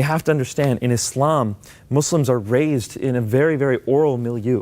You have to understand in Islam, Muslims are raised in a very, very oral milieu.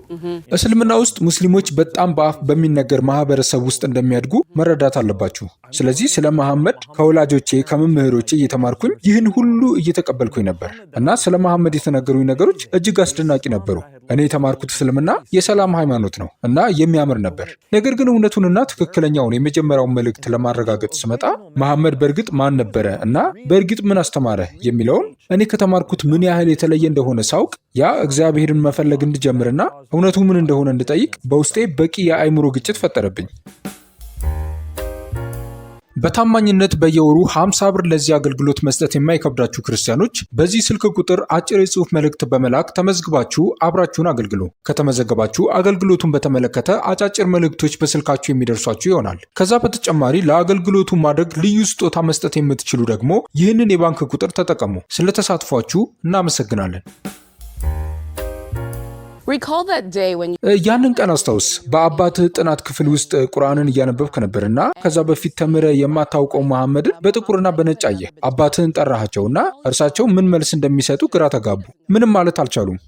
እስልምና ውስጥ ሙስሊሞች በጣም በአፍ በሚነገር ማህበረሰብ ውስጥ እንደሚያድጉ መረዳት አለባችሁ። ስለዚህ ስለ መሐመድ ከወላጆቼ ከመምህሮቼ እየተማርኩኝ ይህን ሁሉ እየተቀበልኩኝ ነበር እና ስለ መሐመድ የተነገሩኝ ነገሮች እጅግ አስደናቂ ነበሩ። እኔ የተማርኩት እስልምና የሰላም ሃይማኖት ነው እና የሚያምር ነበር። ነገር ግን እውነቱንና ትክክለኛውን የመጀመሪያውን መልእክት ለማረጋገጥ ስመጣ መሐመድ በእርግጥ ማን ነበረ እና በእርግጥ ምን አስተማረ የሚለውን እኔ ከተማርኩት ምን ያህል የተለየ እንደሆነ ሳውቅ ያ እግዚአብሔርን መፈለግ እንድጀምርና እውነቱ ምን እንደሆነ እንድጠይቅ በውስጤ በቂ የአእምሮ ግጭት ፈጠረብኝ። በታማኝነት በየወሩ 50 ብር ለዚህ አገልግሎት መስጠት የማይከብዳችሁ ክርስቲያኖች በዚህ ስልክ ቁጥር አጭር የጽሑፍ መልእክት በመላክ ተመዝግባችሁ አብራችሁን አገልግሎ ከተመዘገባችሁ አገልግሎቱን በተመለከተ አጫጭር መልእክቶች በስልካችሁ የሚደርሷችሁ ይሆናል። ከዛ በተጨማሪ ለአገልግሎቱ ማድረግ ልዩ ስጦታ መስጠት የምትችሉ ደግሞ ይህንን የባንክ ቁጥር ተጠቀሙ። ስለተሳትፏችሁ እናመሰግናለን። Uh, ያንን ቀን አስታውስ። በአባትህ ጥናት ክፍል ውስጥ ቁርአንን እያነበብክ ነበርና ከዛ በፊት ተምረ የማታውቀው መሐመድን በጥቁርና በነጭ አየህ። አባትህን ጠራሃቸውና እርሳቸው ምን መልስ እንደሚሰጡ ግራ ተጋቡ። ምንም ማለት አልቻሉም።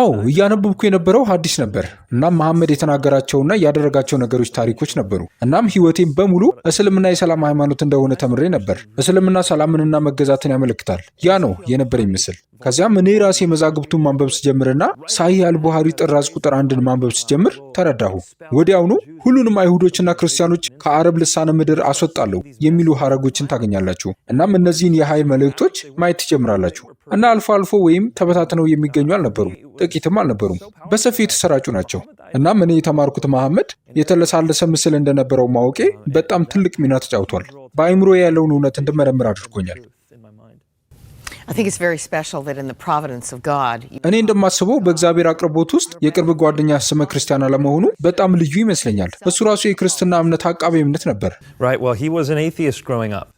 አዎ እያነበብኩ የነበረው ሀዲስ ነበር። እናም መሐመድ የተናገራቸውና ያደረጋቸው ነገሮች ታሪኮች ነበሩ። እናም ህይወቴን በሙሉ እስልምና የሰላም ሃይማኖት እንደሆነ ተምሬ ነበር። እስልምና ሰላምንና መገዛትን ያመለክታል። ያ ነው የነበረ ይመስል። ከዚያም እኔ ራሴ መዛግብቱን ማንበብ ስጀምርና ሳሂህ አልቡሃሪ ጥራዝ ቁጥር አንድን ማንበብ ስጀምር ተረዳሁ። ወዲያውኑ ሁሉንም አይሁዶችና ክርስቲያኖች ከአረብ ልሳነ ምድር አስወጣለሁ የሚሉ ሀረጎችን ታገኛላችሁ። እናም እነዚህን የኃይል መልእክቶች ማየት ትጀምራላችሁ እና አልፎ አልፎ ወይም ተበታትነው የሚገኙ አልነበሩም፣ ጥቂትም አልነበሩም፣ በሰፊ የተሰራጩ ናቸው። እናም እኔ የተማርኩት መሐመድ የተለሳለሰ ምስል እንደነበረው ማወቄ በጣም ትልቅ ሚና ተጫውቷል። በአይምሮ ያለውን እውነት እንድመረምር አድርጎኛል። እኔ እንደማስበው በእግዚአብሔር አቅርቦት ውስጥ የቅርብ ጓደኛ ስመ ክርስቲያን አለመሆኑ በጣም ልዩ ይመስለኛል። እሱ ራሱ የክርስትና እምነት አቃቤ እምነት ነበር።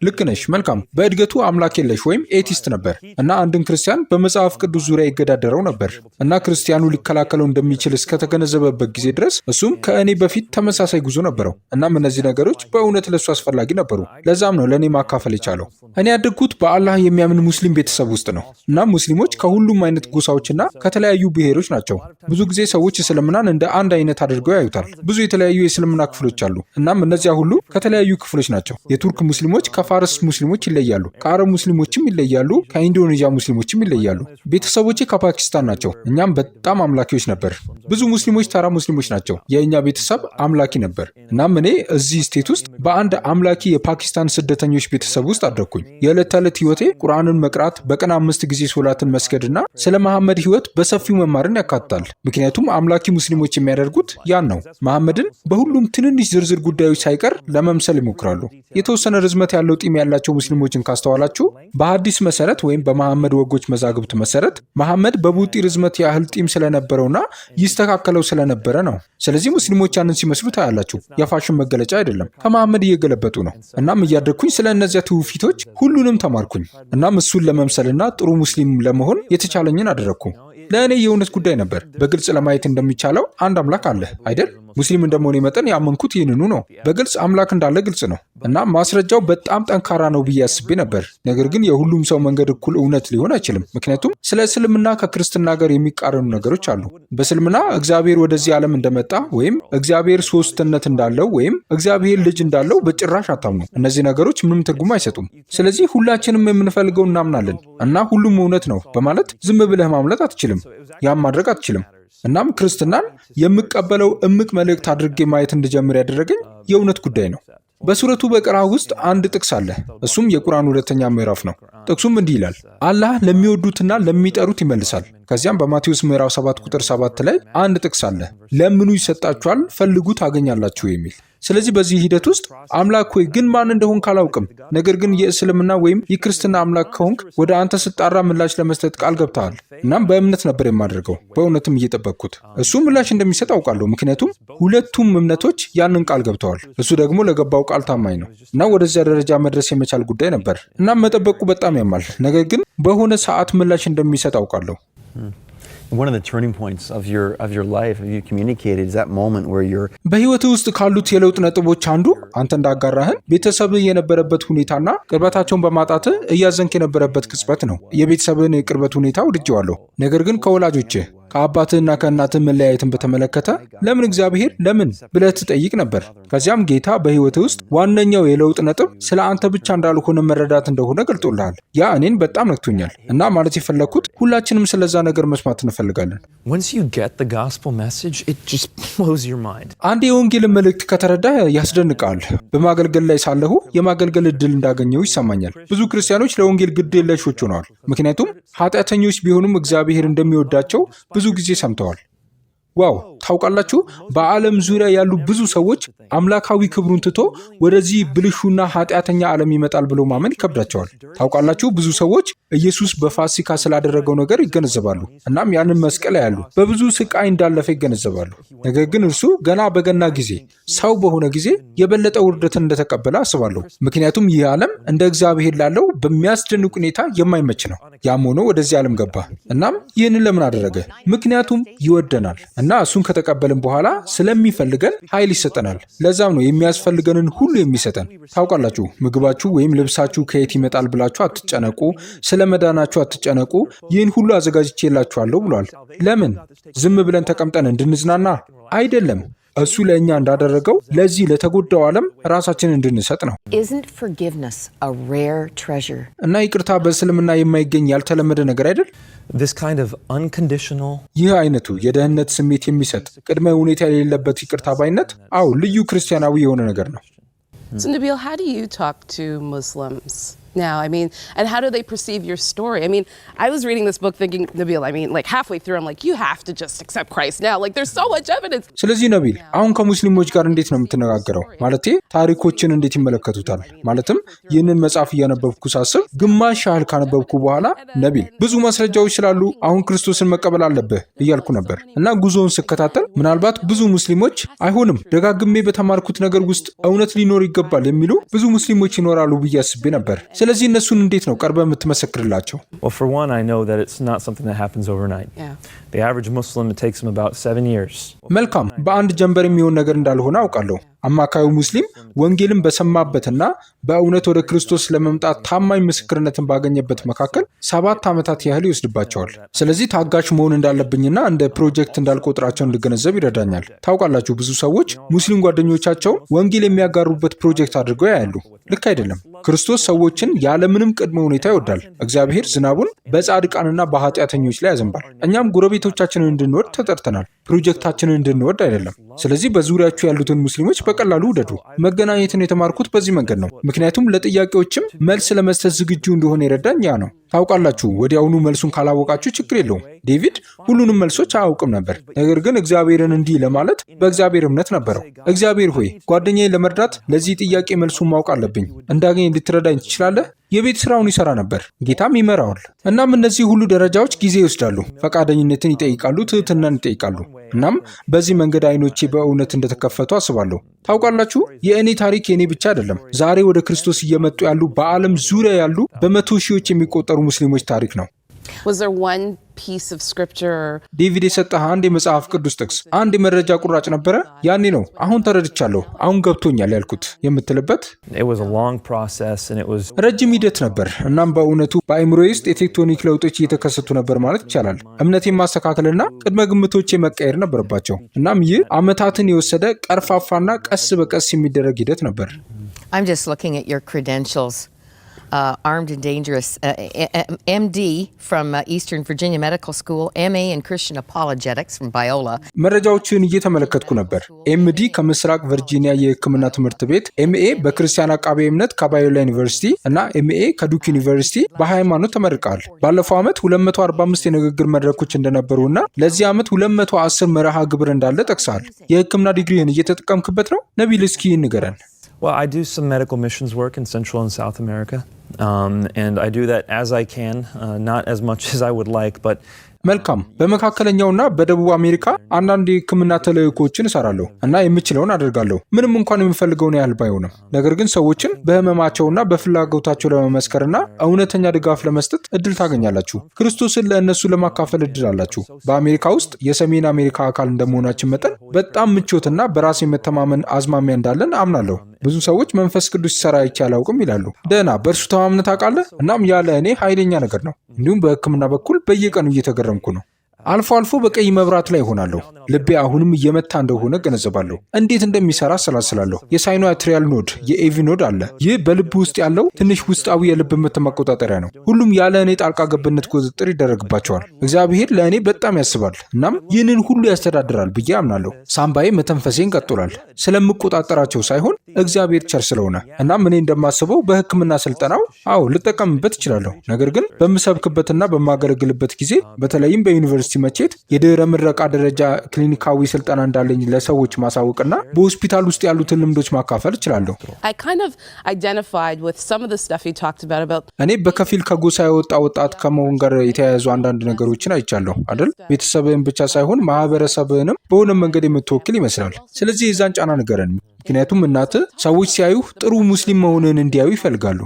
ልክ ነሽ። መልካም። በእድገቱ አምላክ የለሽ ወይም ኤቲስት ነበር እና አንድን ክርስቲያን በመጽሐፍ ቅዱስ ዙሪያ ይገዳደረው ነበር እና ክርስቲያኑ ሊከላከለው እንደሚችል እስከተገነዘበበት ጊዜ ድረስ እሱም ከእኔ በፊት ተመሳሳይ ጉዞ ነበረው። እናም እነዚህ ነገሮች በእውነት ለእሱ አስፈላጊ ነበሩ። ለዛም ነው ለእኔ ማካፈል የቻለው። እኔ ያደግኩት በአላህ የሚያምን ሙስሊም ቤተሰብ ማህበረሰብ ውስጥ ነው። እናም ሙስሊሞች ከሁሉም አይነት ጎሳዎችና ከተለያዩ ብሔሮች ናቸው። ብዙ ጊዜ ሰዎች እስልምናን እንደ አንድ አይነት አድርገው ያዩታል። ብዙ የተለያዩ የእስልምና ክፍሎች አሉ። እናም እነዚያ ሁሉ ከተለያዩ ክፍሎች ናቸው። የቱርክ ሙስሊሞች ከፋርስ ሙስሊሞች ይለያሉ፣ ከአረብ ሙስሊሞችም ይለያሉ፣ ከኢንዶኔዥያ ሙስሊሞችም ይለያሉ። ቤተሰቦቼ ከፓኪስታን ናቸው። እኛም በጣም አምላኪዎች ነበር። ብዙ ሙስሊሞች ተራ ሙስሊሞች ናቸው። የእኛ ቤተሰብ አምላኪ ነበር። እናም እኔ እዚህ ስቴት ውስጥ በአንድ አምላኪ የፓኪስታን ስደተኞች ቤተሰብ ውስጥ አደግኩኝ። የዕለት ተዕለት ህይወቴ ቁርአንን መቅራት በቀን አምስት ጊዜ ሶላትን መስገድና ስለ መሐመድ ህይወት በሰፊው መማርን ያካትታል። ምክንያቱም አምላኪ ሙስሊሞች የሚያደርጉት ያን ነው። መሐመድን በሁሉም ትንንሽ ዝርዝር ጉዳዮች ሳይቀር ለመምሰል ይሞክራሉ። የተወሰነ ርዝመት ያለው ጢም ያላቸው ሙስሊሞችን ካስተዋላችሁ በሐዲስ መሰረት ወይም በመሐመድ ወጎች መዛግብት መሰረት መሐመድ በቡጢ ርዝመት ያህል ጢም ስለነበረውና ይስተካከለው ስለነበረ ነው። ስለዚህ ሙስሊሞች ያንን ሲመስሉ ታያላችሁ። የፋሽን መገለጫ አይደለም፣ ከመሐመድ እየገለበጡ ነው። እናም እያደግኩኝ ስለ እነዚያ ትውፊቶች ሁሉንም ተማርኩኝ። እናም እሱን ለመምሰል ለመምሰልና ጥሩ ሙስሊም ለመሆን የተቻለኝን አደረግኩ። ለእኔ የእውነት ጉዳይ ነበር። በግልጽ ለማየት እንደሚቻለው አንድ አምላክ አለ አይደል? ሙስሊም እንደመሆኔ መጠን ያመንኩት ይህንኑ ነው። በግልጽ አምላክ እንዳለ ግልጽ ነው እና ማስረጃው በጣም ጠንካራ ነው ብዬ አስቤ ነበር። ነገር ግን የሁሉም ሰው መንገድ እኩል እውነት ሊሆን አይችልም። ምክንያቱም ስለ እስልምና ከክርስትና ጋር የሚቃረኑ ነገሮች አሉ። በእስልምና እግዚአብሔር ወደዚህ ዓለም እንደመጣ ወይም እግዚአብሔር ሶስትነት እንዳለው ወይም እግዚአብሔር ልጅ እንዳለው በጭራሽ አታምኑ። እነዚህ ነገሮች ምንም ትርጉም አይሰጡም። ስለዚህ ሁላችንም የምንፈልገው እናምናለን እና ሁሉም እውነት ነው በማለት ዝም ብለህ ማምለጥ አትችልም። ያም ማድረግ አትችልም። እናም ክርስትናን የምቀበለው እምቅ መልእክት አድርጌ ማየት እንድጀምር ያደረገኝ የእውነት ጉዳይ ነው። በሱረቱ በቀራ ውስጥ አንድ ጥቅስ አለ። እሱም የቁርአን ሁለተኛ ምዕራፍ ነው። ጥቅሱም እንዲህ ይላል፣ አላህ ለሚወዱትና ለሚጠሩት ይመልሳል። ከዚያም በማቴዎስ ምዕራፍ 7 ቁጥር 7 ላይ አንድ ጥቅስ አለ፣ ለምኑ ይሰጣችኋል፣ ፈልጉ ታገኛላችሁ የሚል ስለዚህ በዚህ ሂደት ውስጥ አምላክ ሆይ ግን ማን እንደሆንክ አላውቅም፣ ነገር ግን የእስልምና ወይም የክርስትና አምላክ ከሆንክ ወደ አንተ ስጣራ ምላሽ ለመስጠት ቃል ገብተሃል። እናም በእምነት ነበር የማደርገው፣ በእውነትም እየጠበቅኩት እሱ ምላሽ እንደሚሰጥ አውቃለሁ፣ ምክንያቱም ሁለቱም እምነቶች ያንን ቃል ገብተዋል። እሱ ደግሞ ለገባው ቃል ታማኝ ነው እና ወደዚያ ደረጃ መድረስ የመቻል ጉዳይ ነበር። እናም መጠበቁ በጣም ያማል፣ ነገር ግን በሆነ ሰዓት ምላሽ እንደሚሰጥ አውቃለሁ። one of the turning points of your of your life you communicated is that moment where you're በህይወት ውስጥ ካሉት የለውጥ ነጥቦች አንዱ አንተ እንዳጋራህን ቤተሰብ የነበረበት ሁኔታና ቅርበታቸውን በማጣት እያዘንክ የነበረበት ቅጽበት ነው። የቤተሰብን ቅርበት ሁኔታ ወድጀዋለሁ፣ ነገር ግን ከወላጆች። ከአባትህና ከእናትህ መለያየትን በተመለከተ ለምን እግዚአብሔር ለምን ብለህ ትጠይቅ ነበር። ከዚያም ጌታ በሕይወትህ ውስጥ ዋነኛው የለውጥ ነጥብ ስለ አንተ ብቻ እንዳልሆነ መረዳት እንደሆነ ገልጦልሃል። ያ እኔን በጣም ነክቶኛል እና ማለት የፈለግኩት ሁላችንም ስለዛ ነገር መስማት እንፈልጋለን። አንድ የወንጌልን መልእክት ከተረዳ ያስደንቃል። በማገልገል ላይ ሳለሁ የማገልገል እድል እንዳገኘው ይሰማኛል። ብዙ ክርስቲያኖች ለወንጌል ግድ የለሾች ሆነዋል፣ ምክንያቱም ኃጢአተኞች ቢሆኑም እግዚአብሔር እንደሚወዳቸው ብዙ ጊዜ ሰምተዋል። ዋው ታውቃላችሁ፣ በዓለም ዙሪያ ያሉ ብዙ ሰዎች አምላካዊ ክብሩን ትቶ ወደዚህ ብልሹና ኃጢአተኛ ዓለም ይመጣል ብሎ ማመን ይከብዳቸዋል። ታውቃላችሁ፣ ብዙ ሰዎች ኢየሱስ በፋሲካ ስላደረገው ነገር ይገነዘባሉ። እናም ያንን መስቀል ያሉ በብዙ ስቃይ እንዳለፈ ይገነዘባሉ። ነገር ግን እርሱ ገና በገና ጊዜ ሰው በሆነ ጊዜ የበለጠ ውርደትን እንደተቀበለ አስባለሁ። ምክንያቱም ይህ ዓለም እንደ እግዚአብሔር ላለው በሚያስደንቅ ሁኔታ የማይመች ነው። ያም ሆኖ ወደዚህ ዓለም ገባ። እናም ይህንን ለምን አደረገ? ምክንያቱም ይወደናል እና እሱን ከተቀበልን በኋላ ስለሚፈልገን ኃይል ይሰጠናል። ለዛም ነው የሚያስፈልገንን ሁሉ የሚሰጠን። ታውቃላችሁ፣ ምግባችሁ ወይም ልብሳችሁ ከየት ይመጣል ብላችሁ አትጨነቁ ስለ ስለመዳናችሁ አትጨነቁ፣ ይህን ሁሉ አዘጋጅቼላችኋለሁ ብሏል። ለምን ዝም ብለን ተቀምጠን እንድንዝናና አይደለም። እሱ ለእኛ እንዳደረገው ለዚህ ለተጎዳው ዓለም ራሳችን እንድንሰጥ ነው። እና ይቅርታ በእስልምና የማይገኝ ያልተለመደ ነገር አይደል? ይህ አይነቱ የደህንነት ስሜት የሚሰጥ ቅድመ ሁኔታ የሌለበት ይቅርታ ባይነት፣ አዎ ልዩ ክርስቲያናዊ የሆነ ነገር ነው። now? I mean, and how do they perceive your story? I mean, I was reading this book thinking, Nabil, I mean, like halfway through, I'm like, you have to just accept Christ now. Like, there's so much evidence. ስለዚህ ነቢል አሁን ከሙስሊሞች ጋር እንዴት ነው የምትነጋገረው? ማለቴ ታሪኮችን እንዴት ይመለከቱታል? ማለትም ይህንን መጽሐፍ እያነበብኩ ሳስብ ግማሽ ያህል ካነበብኩ በኋላ ነቢል ብዙ ማስረጃዎች ስላሉ አሁን ክርስቶስን መቀበል አለብህ እያልኩ ነበር እና ጉዞውን ስከታተል ምናልባት ብዙ ሙስሊሞች አይሆንም፣ ደጋግሜ በተማርኩት ነገር ውስጥ እውነት ሊኖር ይገባል የሚሉ ብዙ ሙስሊሞች ይኖራሉ ብዬ አስቤ ነበር። ስለዚህ እነሱን እንዴት ነው ቀርበ የምትመሰክርላቸው? መልካም በአንድ ጀንበር የሚሆን ነገር እንዳልሆነ አውቃለሁ። አማካዩ ሙስሊም ወንጌልን በሰማበትና በእውነት ወደ ክርስቶስ ለመምጣት ታማኝ ምስክርነትን ባገኘበት መካከል ሰባት ዓመታት ያህል ይወስድባቸዋል። ስለዚህ ታጋሽ መሆን እንዳለብኝና እንደ ፕሮጀክት እንዳልቆጥራቸው እንድገነዘብ ይረዳኛል። ታውቃላችሁ፣ ብዙ ሰዎች ሙስሊም ጓደኞቻቸውን ወንጌል የሚያጋሩበት ፕሮጀክት አድርገው ያያሉ። ልክ አይደለም። ክርስቶስ ሰዎችን ያለምንም ቅድመ ሁኔታ ይወዳል። እግዚአብሔር ዝናቡን በጻድቃንና በኃጢአተኞች ላይ ያዘንባል። እኛም ጎረቤቶቻችንን እንድንወድ ተጠርተናል። ፕሮጀክታችንን እንድንወድ አይደለም። ስለዚህ በዙሪያችሁ ያሉትን ሙስሊሞች በቀላሉ ውደዱ። መገናኘትን የተማርኩት በዚህ መንገድ ነው። ምክንያቱም ለጥያቄዎችም መልስ ለመስጠት ዝግጁ እንደሆነ የረዳኝ ያ ነው። ታውቃላችሁ፣ ወዲያውኑ መልሱን ካላወቃችሁ ችግር የለውም። ዴቪድ ሁሉንም መልሶች አያውቅም ነበር፣ ነገር ግን እግዚአብሔርን እንዲህ ለማለት በእግዚአብሔር እምነት ነበረው። እግዚአብሔር ሆይ ጓደኛዬን ለመርዳት ለዚህ ጥያቄ መልሱን ማወቅ አለብኝ። እንዳገኝ ልትረዳኝ ትችላለህ? የቤት ስራውን ይሰራ ነበር፣ ጌታም ይመራዋል። እናም እነዚህ ሁሉ ደረጃዎች ጊዜ ይወስዳሉ፣ ፈቃደኝነትን ይጠይቃሉ፣ ትህትናን ይጠይቃሉ። እናም በዚህ መንገድ አይኖቼ በእውነት እንደተከፈቱ አስባለሁ። ታውቃላችሁ፣ የእኔ ታሪክ የእኔ ብቻ አይደለም። ዛሬ ወደ ክርስቶስ እየመጡ ያሉ በዓለም ዙሪያ ያሉ በመቶ ሺዎች የሚቆጠሩ ሙስሊሞች ታሪክ ነው። ዴቪድ የሰጠህ አንድ የመጽሐፍ ቅዱስ ጥቅስ አንድ የመረጃ ቁራጭ ነበረ? ያኔ ነው አሁን ተረድቻለሁ፣ አሁን ገብቶኛል ያልኩት የምትልበት ረጅም ሂደት ነበር። እናም በእውነቱ በአይምሮ ውስጥ የቴክቶኒክ ለውጦች እየተከሰቱ ነበር ማለት ይቻላል። እምነቴን ማስተካከልና ቅድመ ግምቶቼ መቀየር ነበረባቸው። እናም ይህ አመታትን የወሰደ ቀርፋፋና ቀስ በቀስ የሚደረግ ሂደት ነበር። uh, Armed and Dangerous, uh, MD from uh, Eastern Virginia Medical School, MA in Christian Apologetics from Biola. መረጃዎችን እየተመለከትኩ ነበር። ኤምዲ ከምስራቅ ቨርጂኒያ የሕክምና ትምህርት ቤት፣ ኤምኤ በክርስቲያን አቃቤ እምነት ከባዮላ ዩኒቨርሲቲ እና ኤምኤ ከዱክ ዩኒቨርሲቲ በሃይማኖት ተመርቀዋል። ባለፈው ዓመት 245 የንግግር መድረኮች እና ለዚህ ዓመት 210 መርሃ ግብር እንዳለ ጠቅሰዋል። የሕክምና ዲግሪህን እየተጠቀምክበት ነው? ነቢል፣ እስኪ ንገረን። Well, I do some medical missions work in Central and South America, um, and I do that as I can, uh, not as much as I would like, but መልካም በመካከለኛውና በደቡብ አሜሪካ አንዳንድ የህክምና ተልእኮችን እሰራለሁ እና የምችለውን አደርጋለሁ፣ ምንም እንኳን የምፈልገውን ያህል ባይሆንም። ነገር ግን ሰዎችን በህመማቸውና በፍላጎታቸው ለመመስከርና እውነተኛ ድጋፍ ለመስጠት እድል ታገኛላችሁ። ክርስቶስን ለእነሱ ለማካፈል እድል አላችሁ። በአሜሪካ ውስጥ የሰሜን አሜሪካ አካል እንደመሆናችን መጠን በጣም ምቾትና በራስ የመተማመን አዝማሚያ እንዳለን አምናለሁ። ብዙ ሰዎች መንፈስ ቅዱስ ሲሰራ አይቼ አላውቅም ይላሉ። ደህና በእርሱ ተማምነት አውቃለህ። እናም ያለ እኔ ኃይለኛ ነገር ነው። እንዲሁም በሕክምና በኩል በየቀኑ እየተገረምኩ ነው። አልፎ አልፎ በቀይ መብራት ላይ ሆናለሁ ልቤ አሁንም እየመታ እንደሆነ ገነዘባለሁ። እንዴት እንደሚሰራ አሰላስላለሁ። የሳይኖ አትሪያል ኖድ የኤቪ ኖድ አለ። ይህ በልብ ውስጥ ያለው ትንሽ ውስጣዊ የልብ ምት መቆጣጠሪያ ነው። ሁሉም ያለ እኔ ጣልቃ ገብነት ቁጥጥር ይደረግባቸዋል። እግዚአብሔር ለእኔ በጣም ያስባል፣ እናም ይህንን ሁሉ ያስተዳድራል ብዬ አምናለሁ። ሳምባዬ መተንፈሴን ቀጥሏል፣ ስለምቆጣጠራቸው ሳይሆን እግዚአብሔር ቸር ስለሆነ። እናም እኔ እንደማስበው በህክምና ስልጠናው አዎ ልጠቀምበት እችላለሁ። ነገር ግን በምሰብክበትና በማገለግልበት ጊዜ በተለይም በዩኒቨርሲቲ መቼት የድህረ ምረቃ ደረጃ ክሊኒካዊ ስልጠና እንዳለኝ ለሰዎች ማሳወቅና በሆስፒታል ውስጥ ያሉትን ልምዶች ማካፈል እችላለሁ። እኔ በከፊል ከጎሳ የወጣ ወጣት ከመሆን ጋር የተያያዙ አንዳንድ ነገሮችን አይቻለሁ አይደል? ቤተሰብህን ብቻ ሳይሆን ማህበረሰብህንም በሆነ መንገድ የምትወክል ይመስላል። ስለዚህ የዛን ጫና ንገረን። ምክንያቱም እናት ሰዎች ሲያዩ ጥሩ ሙስሊም መሆንን እንዲያዩ ይፈልጋሉ።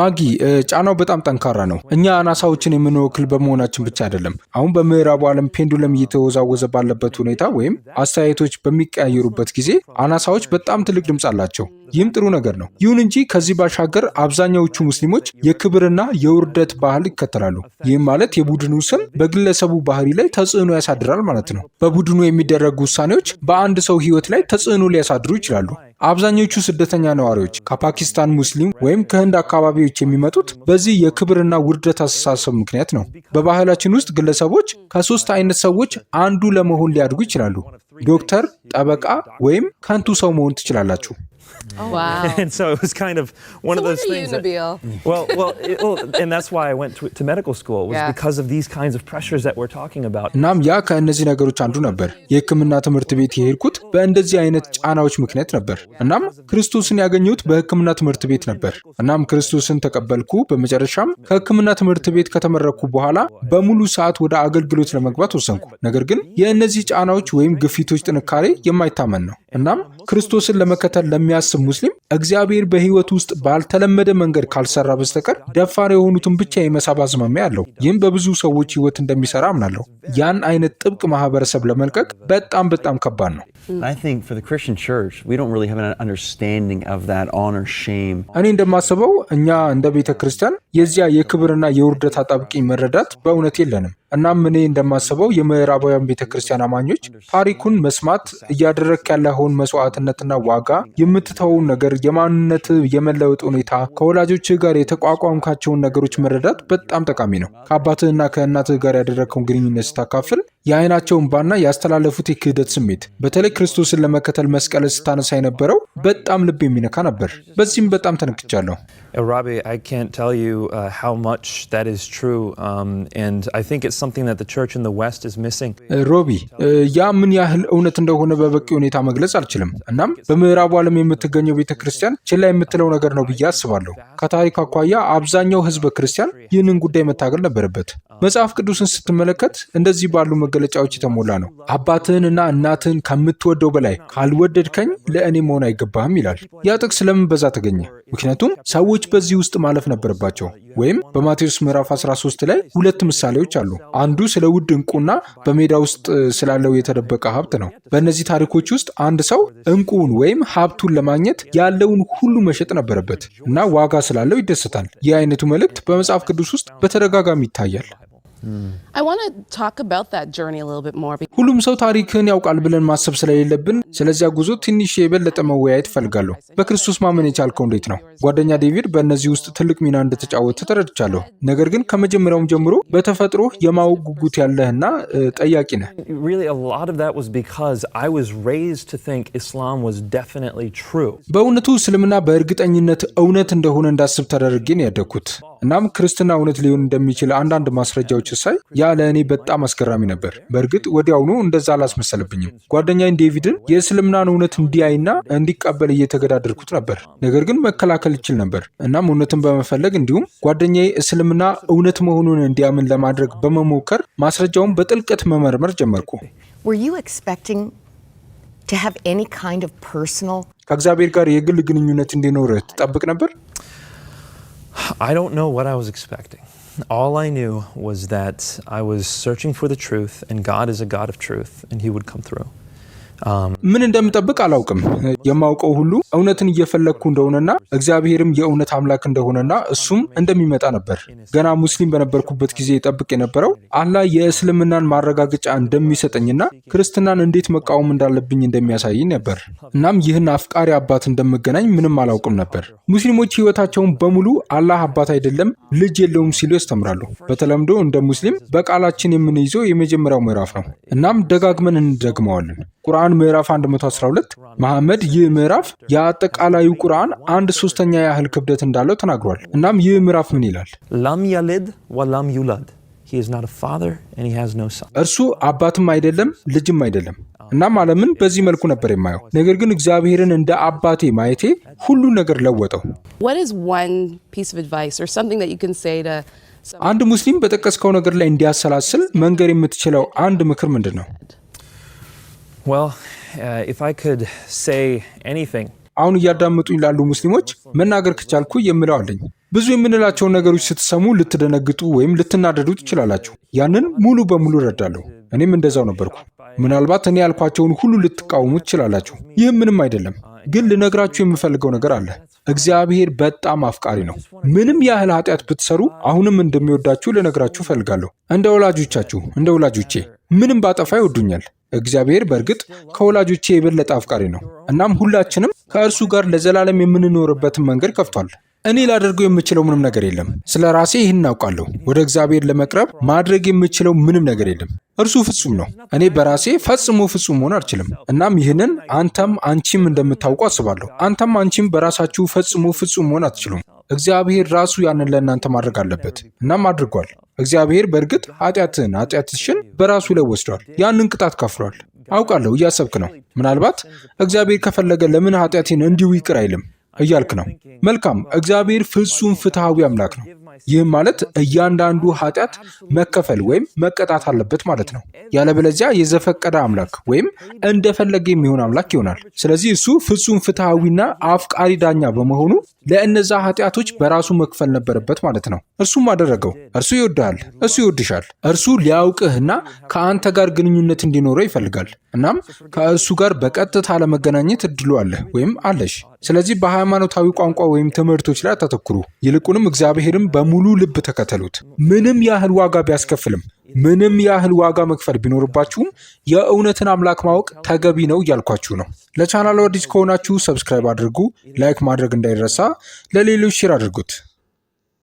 ማጊ uh, ጫናው በጣም ጠንካራ ነው። እኛ አናሳዎችን የምንወክል በመሆናችን ብቻ አይደለም። አሁን በምዕራቡ ዓለም ፔንዱለም እየተወዛወዘ ባለበት ሁኔታ ወይም አስተያየቶች በሚቀያየሩበት ጊዜ አናሳዎች በጣም ትልቅ ድምፅ አላቸው። ይህም ጥሩ ነገር ነው። ይሁን እንጂ ከዚህ ባሻገር አብዛኛዎቹ ሙስሊሞች የክብርና የውርደት ባህል ይከተላሉ። ይህም ማለት የቡድኑ ስም በግለሰቡ ባህሪ ላይ ተጽዕኖ ያሳድራል ማለት ነው። በቡድኑ የሚደረጉ ውሳኔዎች በአንድ ሰው ህይወት ላይ ተጽዕኖ ሊያሳድሩ ይችላሉ። አብዛኞቹ ስደተኛ ነዋሪዎች ከፓኪስታን ሙስሊም ወይም ከህንድ አካባቢዎች የሚመጡት በዚህ የክብርና ውርደት አስተሳሰብ ምክንያት ነው። በባህላችን ውስጥ ግለሰቦች ከሶስት አይነት ሰዎች አንዱ ለመሆን ሊያድጉ ይችላሉ። ዶክተር፣ ጠበቃ ወይም ከንቱ ሰው መሆን ትችላላችሁ። Oh, wow. and so it was kind of one so of those things. You, that, well, well, it, well, and that's why I went to, to medical school was yeah. because of these kinds of pressures that we're talking about. እናም ያ ከእነዚህ ነገሮች አንዱ ነበር። የሕክምና ትምህርት ቤት የሄድኩት በእንደዚህ አይነት ጫናዎች ምክንያት ነበር። እናም ክርስቶስን ያገኘሁት በሕክምና ትምህርት ቤት ነበር። እናም ክርስቶስን ተቀበልኩ። በመጨረሻም ከሕክምና ትምህርት ቤት ከተመረኩ በኋላ በሙሉ ሰዓት ወደ አገልግሎት ለመግባት ወሰንኩ። ነገር ግን የእነዚህ ጫናዎች ወይም ግፊቶች ጥንካሬ የማይታመን ነው። እናም ክርስቶስን ለመከተል ለሚያስ የሚያስብ ሙስሊም እግዚአብሔር በህይወት ውስጥ ባልተለመደ መንገድ ካልሰራ በስተቀር ደፋር የሆኑትን ብቻ የመሳብ አዝማሚያ አለው። ይህም በብዙ ሰዎች ህይወት እንደሚሰራ አምናለሁ። ያን አይነት ጥብቅ ማህበረሰብ ለመልቀቅ በጣም በጣም ከባድ ነው። እኔ እንደማስበው እኛ እንደ ቤተ ክርስቲያን የዚያ የክብርና የውርደት አጣብቂኝ መረዳት በእውነት የለንም። እናም እኔ እንደማስበው የምዕራባውያን ቤተ ክርስቲያን አማኞች ታሪኩን መስማት እያደረክ ያለውን መስዋዕትነትና ዋጋ የምትተውን ነገር የማንነት የመለወጥ ሁኔታ ከወላጆች ጋር የተቋቋምካቸውን ነገሮች መረዳት በጣም ጠቃሚ ነው። ከአባትህና ከእናትህ ጋር ያደረግከውን ግንኙነት ስታካፍል የአይናቸውን ባና ያስተላለፉት የክህደት ስሜት በተለይ ክርስቶስን ለመከተል መስቀል ስታነሳ የነበረው በጣም ልብ የሚነካ ነበር። በዚህም በጣም ተነክቻለሁ። Uh, Robbie, I can't tell you uh, how much that is true, um, and I think it's something that the church in the West is missing. ሮቢ uh, uh, ያ ምን ያህል እውነት እንደሆነ በበቂ ሁኔታ መግለጽ አልችልም። እናም በምዕራቡ ዓለም የምትገኘው ቤተ ክርስቲያን ችላ የምትለው ነገር ነው ብዬ አስባለሁ። ከታሪክ አኳያ አብዛኛው ህዝበ ክርስቲያን ይህንን ጉዳይ መታገል ነበረበት። መጽሐፍ ቅዱስን ስትመለከት እንደዚህ ባሉ መገለጫዎች የተሞላ ነው። እና እናትህን ከምትወደው በላይ ካልወደድከኝ ለእኔ መሆን አይገባህም ይላል። ያ ጥቅስ ለምን በዛ ተገኘ? ምክንያቱም ሰዎች ሰዎች በዚህ ውስጥ ማለፍ ነበረባቸው። ወይም በማቴዎስ ምዕራፍ 13 ላይ ሁለት ምሳሌዎች አሉ። አንዱ ስለ ውድ እንቁና በሜዳ ውስጥ ስላለው የተደበቀ ሀብት ነው። በእነዚህ ታሪኮች ውስጥ አንድ ሰው እንቁውን ወይም ሀብቱን ለማግኘት ያለውን ሁሉ መሸጥ ነበረበት እና ዋጋ ስላለው ይደሰታል። ይህ አይነቱ መልእክት በመጽሐፍ ቅዱስ ውስጥ በተደጋጋሚ ይታያል። ሁሉም ሰው ታሪክን ያውቃል ብለን ማሰብ ስለሌለብን ስለዚያ ጉዞ ትንሽ የበለጠ መወያየት እፈልጋለሁ። በክርስቶስ ማመን የቻልከው እንዴት ነው? ጓደኛ ዴቪድ በእነዚህ ውስጥ ትልቅ ሚና እንደተጫወተ ተረድቻለሁ። ነገር ግን ከመጀመሪያውም ጀምሮ በተፈጥሮ የማወቅ ጉጉት ያለህና ጠያቂ ነህ። በእውነቱ እስልምና በእርግጠኝነት እውነት እንደሆነ እንዳስብ ተደርጌ ነው ያደግኩት። እናም ክርስትና እውነት ሊሆን እንደሚችል አንዳንድ ማስረጃዎች ሳይ ያ ለእኔ በጣም አስገራሚ ነበር። በእርግጥ ወዲያውኑ እንደዛ አላስመሰልብኝም። ጓደኛዬን ዴቪድን የእስልምናን እውነት እንዲያይና እንዲቀበል እየተገዳደርኩት ነበር። ነገር ግን መከላከል ይችል ነበር። እናም እውነትን በመፈለግ እንዲሁም ጓደኛዬ እስልምና እውነት መሆኑን እንዲያምን ለማድረግ በመሞከር ማስረጃውን በጥልቀት መመርመር ጀመርኩ። ከእግዚአብሔር ጋር የግል ግንኙነት እንዲኖር ትጠብቅ ነበር? I don't know what I was expecting. All I knew was that I was searching for the truth, and God is a God of truth, and He would come through. ምን እንደምጠብቅ አላውቅም። የማውቀው ሁሉ እውነትን እየፈለግኩ እንደሆነና እግዚአብሔርም የእውነት አምላክ እንደሆነና እሱም እንደሚመጣ ነበር። ገና ሙስሊም በነበርኩበት ጊዜ ጠብቅ የነበረው አላህ የእስልምናን ማረጋገጫ እንደሚሰጠኝና ክርስትናን እንዴት መቃወም እንዳለብኝ እንደሚያሳይኝ ነበር። እናም ይህን አፍቃሪ አባት እንደምገናኝ ምንም አላውቅም ነበር። ሙስሊሞች ህይወታቸውን በሙሉ አላህ አባት አይደለም ልጅ የለውም ሲሉ ያስተምራሉ። በተለምዶ እንደ ሙስሊም በቃላችን የምንይዘው የመጀመሪያው ምዕራፍ ነው። እናም ደጋግመን እንደግመዋለን። ቁርአን ቁርአን ምዕራፍ 112 መሐመድ ይህ ምዕራፍ የአጠቃላዩ ቁርአን አንድ ሶስተኛ ያህል ክብደት እንዳለው ተናግሯል። እናም ይህ ምዕራፍ ምን ይላል? ላም ያሊድ ወላም ዩላድ እርሱ አባትም አይደለም ልጅም አይደለም። እናም ዓለምን በዚህ መልኩ ነበር የማየው። ነገር ግን እግዚአብሔርን እንደ አባቴ ማየቴ ሁሉን ነገር ለወጠው። አንድ ሙስሊም በጠቀስከው ነገር ላይ እንዲያሰላስል መንገር የምትችለው አንድ ምክር ምንድን ነው? Uh, አሁን እያዳመጡኝ ላሉ ሙስሊሞች መናገር ከቻልኩ የምለው አለኝ። ብዙ የምንላቸውን ነገሮች ስትሰሙ ልትደነግጡ ወይም ልትናደዱ ትችላላችሁ። ያንን ሙሉ በሙሉ እረዳለሁ። እኔም እንደዛው ነበርኩ። ምናልባት እኔ ያልኳቸውን ሁሉ ልትቃወሙ ትችላላችሁ። ይህም ምንም አይደለም። ግን ልነግራችሁ የምፈልገው ነገር አለ። እግዚአብሔር በጣም አፍቃሪ ነው። ምንም ያህል ኃጢአት ብትሰሩ አሁንም እንደሚወዳችሁ ልነግራችሁ እፈልጋለሁ። እንደ ወላጆቻችሁ እንደ ወላጆቼ ምንም ባጠፋ ይወዱኛል። እግዚአብሔር በእርግጥ ከወላጆቼ የበለጠ አፍቃሪ ነው። እናም ሁላችንም ከእርሱ ጋር ለዘላለም የምንኖርበትን መንገድ ከፍቷል። እኔ ላደርገው የምችለው ምንም ነገር የለም። ስለ ራሴ ይህን እናውቃለሁ። ወደ እግዚአብሔር ለመቅረብ ማድረግ የምችለው ምንም ነገር የለም። እርሱ ፍጹም ነው። እኔ በራሴ ፈጽሞ ፍጹም መሆን አልችልም። እናም ይህንን አንተም አንቺም እንደምታውቁ አስባለሁ። አንተም አንቺም በራሳችሁ ፈጽሞ ፍጹም መሆን አትችሉም። እግዚአብሔር ራሱ ያንን ለእናንተ ማድረግ አለበት። እናም አድርጓል። እግዚአብሔር በእርግጥ ኃጢአትን፣ ኃጢአትሽን በራሱ ላይ ወስዷል። ያንን ቅጣት ከፍሏል። አውቃለሁ። እያሰብክ ነው። ምናልባት እግዚአብሔር ከፈለገ ለምን ኃጢአቴን እንዲሁ ይቅር አይልም? እያልክ ነው። መልካም። እግዚአብሔር ፍጹም ፍትሐዊ አምላክ ነው። ይህም ማለት እያንዳንዱ ኃጢአት መከፈል ወይም መቀጣት አለበት ማለት ነው። ያለበለዚያ የዘፈቀደ አምላክ ወይም እንደፈለገ የሚሆን አምላክ ይሆናል። ስለዚህ እሱ ፍጹም ፍትሐዊና አፍቃሪ ዳኛ በመሆኑ ለእነዛ ኃጢአቶች በራሱ መክፈል ነበረበት ማለት ነው። እርሱም አደረገው። እርሱ ይወድሃል፣ እሱ ይወድሻል። እርሱ ሊያውቅህና ከአንተ ጋር ግንኙነት እንዲኖረው ይፈልጋል። እናም ከእሱ ጋር በቀጥታ ለመገናኘት እድሉ አለህ ወይም አለሽ። ስለዚህ በሃይማኖታዊ ቋንቋ ወይም ትምህርቶች ላይ አታተኩሩ። ይልቁንም እግዚአብሔርም በ በሙሉ ልብ ተከተሉት። ምንም ያህል ዋጋ ቢያስከፍልም፣ ምንም ያህል ዋጋ መክፈል ቢኖርባችሁም የእውነትን አምላክ ማወቅ ተገቢ ነው እያልኳችሁ ነው። ለቻናሉ አዲስ ከሆናችሁ ሰብስክራይብ አድርጉ። ላይክ ማድረግ እንዳይረሳ፣ ለሌሎች ሼር አድርጉት።